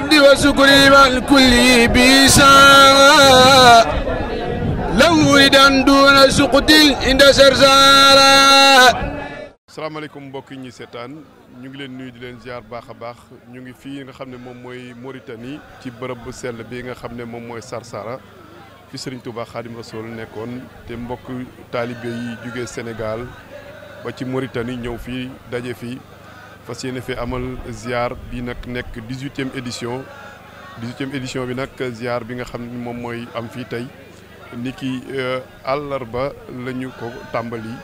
الحمد وشكري مع الكل بيسارا لو ردان دون سقط عند سرسارا mbokk yi ñuy seetaan ñu ngi leen nuyu di leen ziar baax a baax ñu ngi fii nga xam ne moom mooy Mauritanie ci bërëb bu sell bi nga xam ne moom mooy Sarsara fi Serigne Touba Khadim Rasoul nekkoon te mbokk taalibe yi jugee Sénégal ba ci Mauritanie ñëw fii daje fii. fas yéene fi amal ziar bi nag nekk dix-huitième édition dix-huitième bi nag ziar bi nga xam ne moom mooy am fii tey ni ki euh, àllarba la ñu ko tàmbali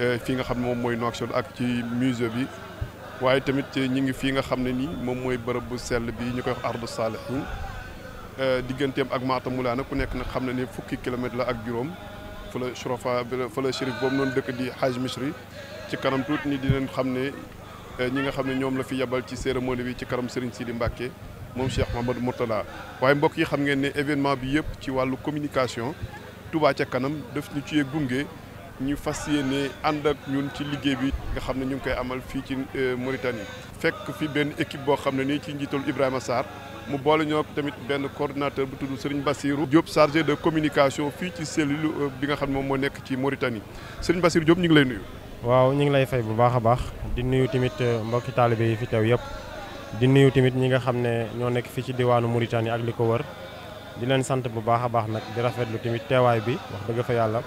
euh, fii nga xam ne moom mooy Nouakchott ak ci musée bi waaye tamit ci ñu ngi fii nga xam ne nii moom mooy bërëb bu sell bi ñu koy wax ardu saalihin euh, digganteem ak Matam Moulana ku nekk nag xam ne ni fukki kilomètre la ak juróom fa la shrofa fa la shérif boobu noonu dëkk di Haj Misri ci kanam tuuti ni di xam ne Eh, ñi nga xam ne ñoom la fi yebal ci cérémonie bi ci karam Serigne Sidi Mbacke moom Cheikh Mamadou Mourtala waaye mbokk yi xam ngeen ne événement bi yëpp ci wàllu communication tubaa ca kanam def ñu ci gunge ñu fas yéene ànd ak ñun ci liggéey bi nga xam ne ñu ngi koy amal fii ci eh, Mauritanie. fekk fi benn équipe boo xam ne nii ci njiital Ibrahima Sarr mu boole ñoo tamit benn coordinateur bu tudd Serigne Bassirou Diop chargé de communication fii ci cellule eh, bi nga xam ne moom moo nekk ci Mauritanie Serigne Bassirou Diop ñu ngi lay nuyu. waaw ñu ngi lay fay bu baax a baax di nuyu tamit euh, mbokki taalibe yi fi teew yëpp di nuyu tamit ñi nga xam ne ñoo nekk fii ci diwaanu Mauritanie ak li ko wër di leen sant bu baax a baax nag di rafetlu timit teewaay bi wax dëgg fa yàlla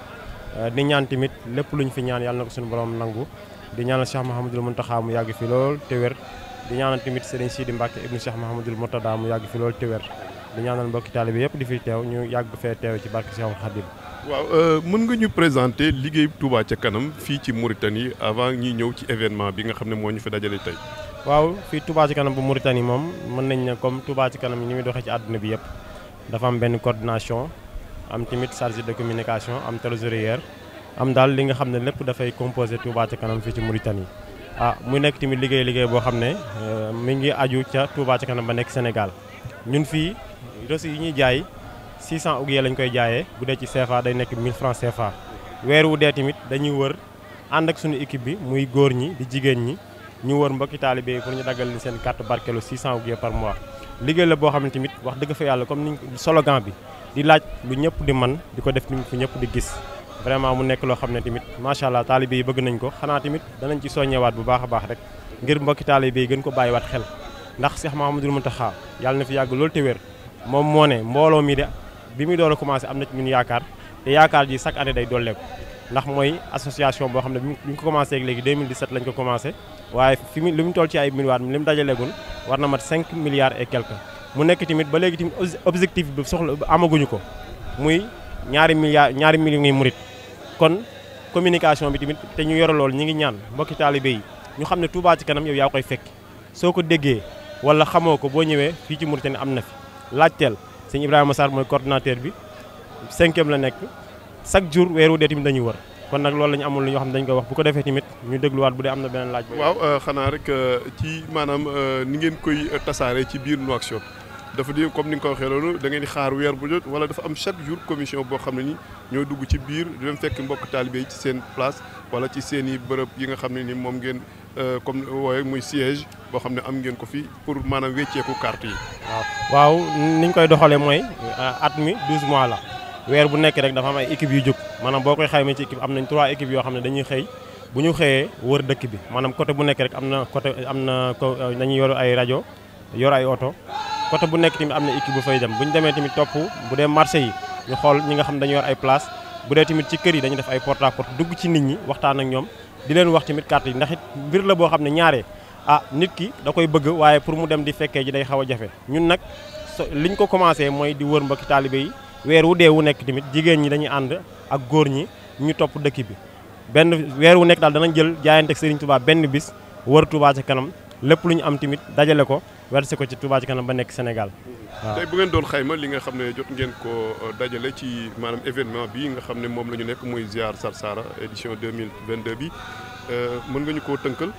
euh, di ñaan tamit lépp ñu fi ñaan yàlla na ko suñu borom nangu di ñaanal Cheikh Mahamadul Muntaxa mu yàgg fi lool te wér di ñaanal tamit Serigne Sidi Mbacke ibnu Cheikh Mahamadul Murtada mu yàgg fi lool te wér di ñaanal mbokki taalibe yëpp di fi teew ñu yàgg fee teew ci barke Cheikh Khadim waaw euh, mën nga ñu présenter liggéey Touba ca kanam fii ci Mauritanie avant ñuy ñëw ci événement bi nga xam ne moo ñu fi dajale tey. waaw fii Touba ci kanam bu Mauritanie moom mën nañ ne comme Touba ci kanam ni muy doxee ci àdduna bi yëpp dafa am benn coordination am tamit chargé de communication am trésorière am daal li nga xam ne lépp dafay composé Touba ca kanam fii ci Mauritanie. ah muy nekk tamit liggéey liggéey boo xam ne euh, mi ngi aju ca Touba ci kanam ba nekk Sénégal ñun fii yi ñuy jaay. 600 ouguiya lañ koy jaayee bu dee ci CFA day nekk 1000 francs CFA weer wu dee tamit dañuy wër ànd ak suñu équipe bi muy góor ñi di jigéen ñi ñu wër mbokki taalibe yi pour ñu daggal ni seen carte barkelu 600 ouguiya par mois liggéey la boo xam ne tamit wax dëgg fa yàlla comme ni slogan bi di laaj lu ñëpp di man di ko def tamit fu ñëpp di gis vraiment mu nekk loo xam ne tamit macha allah taalibe yi bëgg nañ ko xanaa tamit danañ ci soññewaat bu baax a baax rek ngir mbokki taalibe gën ko bàyyiwaat xel ndax Cheikh Mouhamadoul Mountakha yàlla na fi yàgg loolu te wér moo ne mbooloo mi de bi muy door a am na ci ñun yaakaar te yaakaar ji chaque année day dolleeku ndax mooy association boo xam ne bi ñu ko commencé ak léegi 2017 lañ ko commencé waaye fi mu li mu toll ci ay milliards li mu dajaleegul war na mat 5 milliards et mu nekk tamit ba léegi tamit objectif bi soxla amaguñu ko muy ñaari milliards ñaari millions ngi murit kon communication bi tamit te ñu yore loolu ñi ngi ñaan mbokki taalibe yi ñu xam ne Touba ci kanam yow yaa koy fekk soo ko déggee wala xamoo ko boo ñëwee fii ci Mauritanie am na fi laajteel sëñ Ibrahima Sarr mooy coordonnateur bi cinquième la nekk chaque jour weeru dee tamit dañuy wër kon nag loolu la amul lu ñoo xam ne dañu ko wax bu ko defee tamit ñu dégluwaat bu dee am na beneen laaj. waaw euh, xanaa rek euh, ci maanaam euh, ni ngeen koy tasaare ci biir Nouakchott dafa di comme ni nga ko waxee loolu da ngeen xaar weer bu jot wala dafa am chaque jour commission boo xam ne ni ñoo dugg ci biir di fekk mbokk taalibe yi ci seen place wala ci seen i bërëb yi nga xam ne nii moom ngeen euh, comme wooye muy siège boo xam ne am ngeen ko fi pour maanaam wecceeku carte yi. waaw waaw ni ñu koy doxalee mooy euh, at mi 12 mois la weer bu nekk rek dafa am ay équipe yu jóg maanaam boo koy xayma ci équipe am nañ 3 équipes yoo xam ne dañuy xëy. bu ñu xëyee wër dëkk bi maanaam côté bu nekk am na côté am na ko euh, dañuy yor ay rajo yor ay oto côté bu nekk tamit am na équipe bu fay dem bu ñu demee tamit topp bu dee marché yi ñu xool ñi nga xam dañu yor ay place bu dee tamit ci kër yi dañu def ay porte à dugg ci nit ñi waxtaan ak ñoom di leen wax tamit carte yi ndax it mbir la boo xam ne ñaaree ah nit ki da koy bëgg waaye pour mu dem di fekkee ji day xaw a jafe ñun nag so li ñu ko commencé mooy di wër mbokki taalibe yi weer wu dee wu nekk tamit jigéen ñi dañuy ànd ak góor ñi ñu topp dëkk bi benn weer wu nekk daal danañ jël jaayante ak Serigne Touba benn bis wër Touba ca kanam lépp lu ñu am tamit dajale ko versé ko ci Touba ci kanam ba nekk Sénégal waaw tey bu ngeen doon xayma li nga xam ne jot ngeen ko dajale ci maanaam événement bi nga xam ne moom la ñu nekk muy ziar Sarsara édition 2022 bi euh, mën nga ñu koo tënkal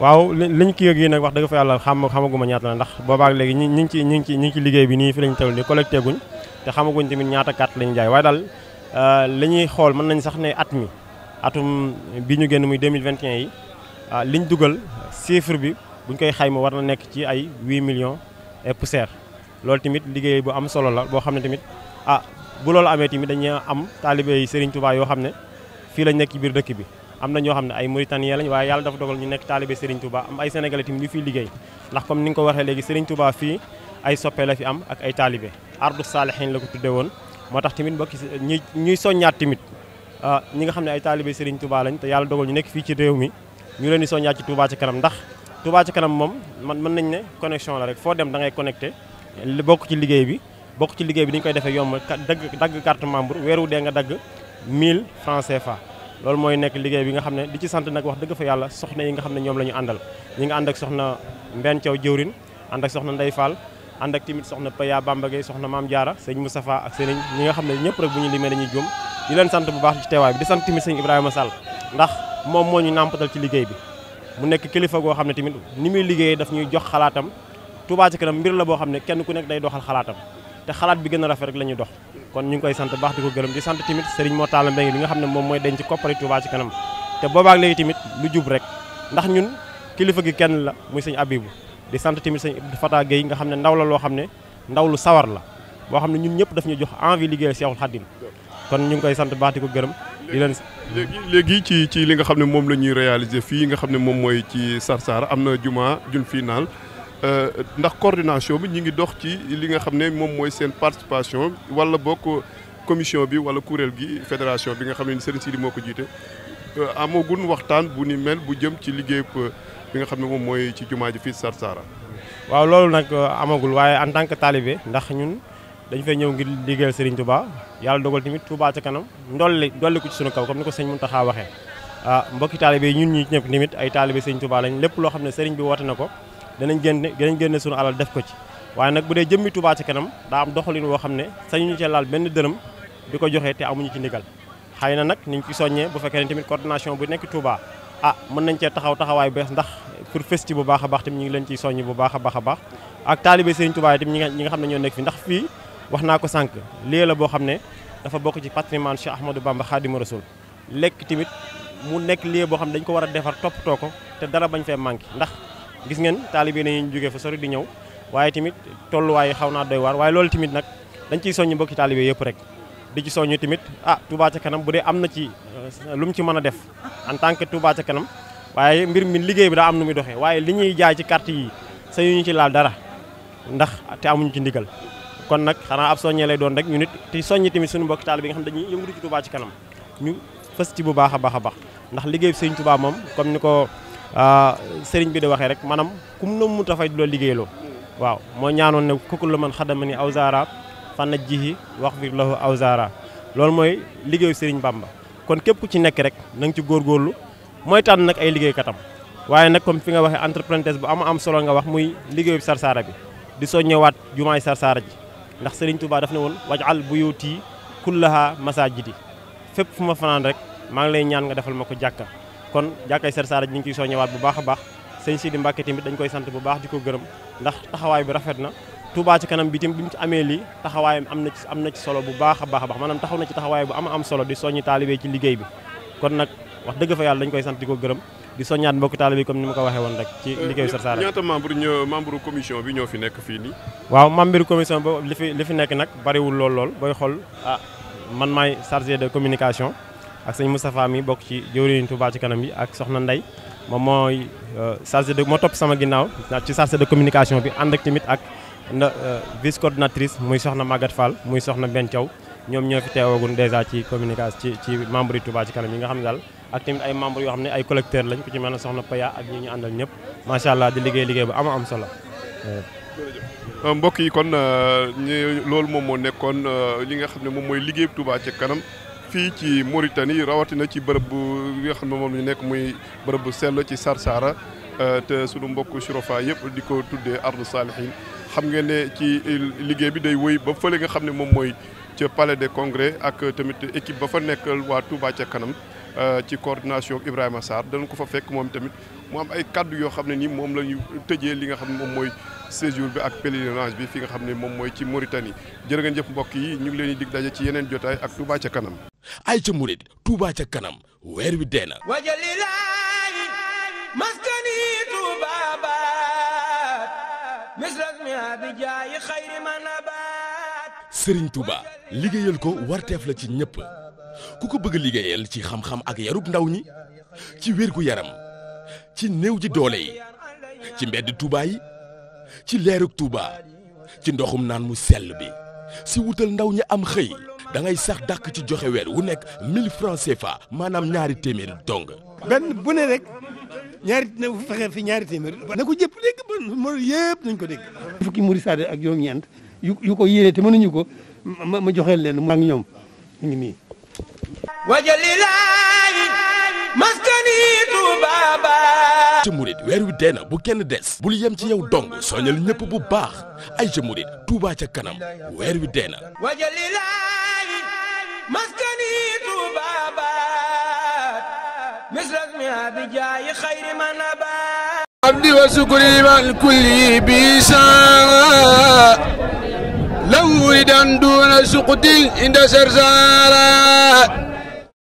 waaw li ñu ki yëg yi nag wax dëgg fa yàlla xam xamaguma ñaata la ndax boobaak léegi ñi ñi ngi ci ñi ngi ci ñi ngi ci liggéey bi nii fi lañu teewul nii collecté guñ te xamaguñ tamit ñaata carte lañu jaay waaye daal euh, li ñuy xool mën nañ sax ne at mi atum bi ñu génn muy 2021 yi ah, liñ dugal chiffre bi bu ñu koy xayma war na nekk ci ay 8 millions et poussière loolu tamit liggéey bu am solo la boo xam ne tamit ah bu loolu amee timit dañuy am taalibe yi Serigne yoo xam ne fii lañ nekk ci biir dëkk bi am na ñoo xam ne ay Mauritaniens lañ waaye yàlla dafa dogal ñu nekk taalibe Serigne Touba am ay sénégalais tamit ñu fiy liggéey ndax comme ni nga ko waxee léegi Serigne Touba fii ay soppe la fi am ak ay taalibe ardu saalihin la ko tuddee woon moo tax tamit mbokk ñi ñuy soññaat tamit ah, ñi nga xam ne ay taalibe Serigne Touba lañ te yàlla dogal ñu nekk fii ci réew mi ñu leen di soññaat ci kanam ndax Touba ci kanam moom man mën nañ ne connexion la rek foo dem dangay ngay li bokk ci liggéey bi bokk ci liggéey bi ni ñu koy defee yomb dagg dagg carte membre weeru dee nga dagg 1000 francs fa loolu mooy nekk liggéey bi nga xam ne di ci sant nag wax dëgg fa yàlla soxna yi nga xam ne ñoom lañu àndal ñi nga ànd ak soxna Mbène Thiaw jëwrin ànd ak soxna Ndey Fall ànd ak timit soxna Paya Bambagay soxna Maam Diarra sëñ Moustapha ak sëñ ñi nga xam ne ñëpp rek bu ñu limee dañuy juum leen sant bu baax ci di sant timit sëñ Ibrahima Sall ndax moom moo ñu nàmpatal ci liggéey bi mu nekk kilifa goo xam ne tamit ni muy liggéeye daf ñuy jox xalaatam Touba Ca Kanam mbir la boo xam ne kenn ku nekk day doxal xalaatam te xalaat bi gën a rafet rek la ñuy dox kon ñu ngi koy sant baax di ko gërëm di sant tamit Serigne moo Talla Mbengue bi nga xam ne moom mooy denc koppari Touba Ca Kanam te boobaak léegi tamit lu jub rek ndax ñun kilifa gi kenn la muy sëñ Abibu di sant timit sëñ Ibdou Fata nga xam ne ndaw la loo xam ne ndaw lu sawar la boo xam ne ñun ñëpp daf ñu jox envie liggéeyal Seexul Xaddim kon ñu ngi koy sant baax ko gërëm léegi léegi ci ci li nga xam ne moom la ñuy réaliser fii nga xam ne moom mooy ci Sarsara am na jumaa jun fii naal euh, ndax coordination bi ñu ngi dox ci li nga xam ne moom mooy seen participation wala bokk commission bi wala kuréel gi fédération bi nga xam ne Serigne Sidi moo ko jiite. Euh, amagul waxtaan bu ni mel bu jëm ci liggéey bi nga xam ne moom mooy ci jumaa ji fii Sarsara. waaw loolu nag euh, amagul waaye en tant que talibé ndax ñun. dañu fay ñëw ngi liggéeyal Serigne Touba yàlla dogal tamit Touba ca kanam ndolli dolli ko ci sunu kaw comme ni ko sëñ Mountakha waxee ah mbokki taalibe ñun ñi ñëpp tamit ay taalibe Serigne Touba lañ lépp loo xam ne Serigne bi woote na ko danañ génne danañ génne sunu alal def ko ci waaye nag bu dee jëmmi Touba ci kanam daa am doxalin woo xam ne sañuñu ci laal benn dërëm di ko joxee te amuñu ci ndigal xëy na nag ñu ci soññee bu fekkee ne tamit coordination bu nekk Touba ah mën nañ cee taxaw taxawaay bees ndax pour festi bu baax a baax ñu ngi leen ciy soññ bu baax a baax a baax ñi nga xam ne ñoo nekk fi ndax fii wax naa ko sànq lii la boo xam ne dafa bokk ci patrimoine Cheikh Ahmadou Bamba Khadimou Rassoul lekk tamit mu nekk lii boo xam ne dañ ko war a defar toppatoo ko te dara bañ fee manqué ndax gis ngeen taalibe nañu jógee fa sori di ñëw waaye tamit tolluwaay xaw naa doy waar waaye loolu tamit nag dañ ciy soññu mbokki taalibe yëpp rek di ci soññu tamit ah Touba ca kanam bu dee am na ci euh, lu mu ci mën a def en tant que Touba kanam waaye mbir mi liggéey bi daa am nu muy doxee waaye li ñuy jaay ci carte yi sañu ci laal dara ndax te amuñu ci ndigal kon nag xanaa ab soññee lay doon rek ñu nit te soññi tamit suñu mbokki taal bi nga xam dañuy yëngatu ci Touba ci kanam ñu fës ci bu baax a baax a baax ndax liggéey bi sëriñ Touba moom kon ni ko ah, sëriñ bi di waxee rek maanaam kum mu mu tafay du la liggéeyloo waaw moo ñaanoon ne kooku la man xadama aw awzaara fan na jihi wax fi lahu awzaara loolu mooy liggéeyu sëriñ Bamba kon képp ku ci nekk rek na ci góor góorlu mooy tànn nag ay liggéeykatam waaye nag comme fi nga waxee entreprenariat bu am am solo nga wax muy liggéeyu Sarsara bi di soññewaat jumaay Sarsara ji ndax sëriñ Touba daf ne woon waj'al buyuti kullaha masajidi fépp fu ma fanaan rek maa ngi lay ñaan nga defal ma ko jàkka kon jàkkay Sër Saara ji ñu ngi ciy soññewaat bu baax a baax sëñ Sidi Mbàkke tamit dañ koy sant bu baax di ko gërëm ndax taxawaay bi rafet na Touba ci kanam bi tamit bi mu ci amee lii taxawaayam am na ci am na ci solo bu baax a baax a baax maanaam taxaw na ci taxawaay bu am am solo di soññi taalibe ci liggéey bi kon nag wax dëgg fa yàlla koy sant di ko gërëm di soññaat mbokki taalibe bi comme ni ma ko waxee woon rek ci liggéeyu Sar Sara ñaata membre ñoo commission bi ñoo fi nekk fii nii waaw membre commission ba li fi li fi nekk nag bariwul lool lool booy xool ah man maay chargé de communication ak sëñ Moustapha mi bokk ci jëwriñu Touba ci kanam bi ak soxna Ndey moom mooy euh, chargé de moo topp sama ginnaaw ci chargé de communication bi ànd ak tamit ak nda euh, vice coordinatrice muy soxna Maguette Fall muy soxna Ben Thiaw ñoom ñoo fi teewagun ci communication ci ci membre yi Touba ci kanam yi nga xam ne daal ak tamit ay membres yoo xam ne ay collecteur lañ ku ci mel ne soxna Paya ak ñi ñu àndal ñëpp macha allah di liggéey liggéey bu am am solo. Euh, mbokk yi kon euh, loolu moom moo nekkoon euh, li nga xam ne moom mooy liggéey Touba ca kanam fii ci Mauritanie rawatina ci bërëb bu xam ne moom ñu nekk muy bërëb bu sell ci Sarsara te sunu mbokk Chorofa yëpp di ko tuddee Ardu Salihin xam ngeen ne ci liggéey bi day wëy ba fële nga xam ne moom mooy ca palais des congrès ak tamit équipe ba fa nekk waa tubaa ca kanam. Euh, ci coordination Ibrahima Sarr danañ ko fa fekk moom tamit mu am ay kàddu yoo xam ne ni moom la ñu tëjee li nga xam ne moom mooy séjour bi ak pèlerinage bi fi nga xam ne moom mooy ci Mauritanie jërë ngeen jëf mbokk yi ñu ngi leen di dig daje ci yeneen jotaay ak Touba ca kanam. ay ca murit Touba ca kanam weer wi dee na. Sëriñ Touba liggéeyal ko warteef la ci ñëpp. ku ko bëgg a liggéeyal ci xam-xam ak yarub ndaw ñi ci gu yaram ci néew ji doole yi ci mbedd Touba yi ci leerug Touba ci ndoxum naan mu sell bi si wutal ndaw ñi am xëy da ngay sax dàq ci joxe weer wu nekk 1000 francs fa maanaam ñaari téeméer dong. benn bu ne rek ñaari na fexe fi ñaari téeméer. na ko jëpp dégg ba mor yëpp nañ ko dégg. fukki muri saade ak juróom-ñeent yu yu ko yéene te mënuñu ko ma ma leen maa ngi ñoom ñu nii. wajalilaayi maskani weer wi dee bu kenn des bul yem ci yow dong soñal ñëpp bu baax ay ci murit Tuubaa ca kanam weer wi dee na wajalilaayi maskani Tuubaa baa misras mi abijaayi xayri man abaa abdi wa sukri mal kulli bi saa law ridan duuna suqtin inda sarsara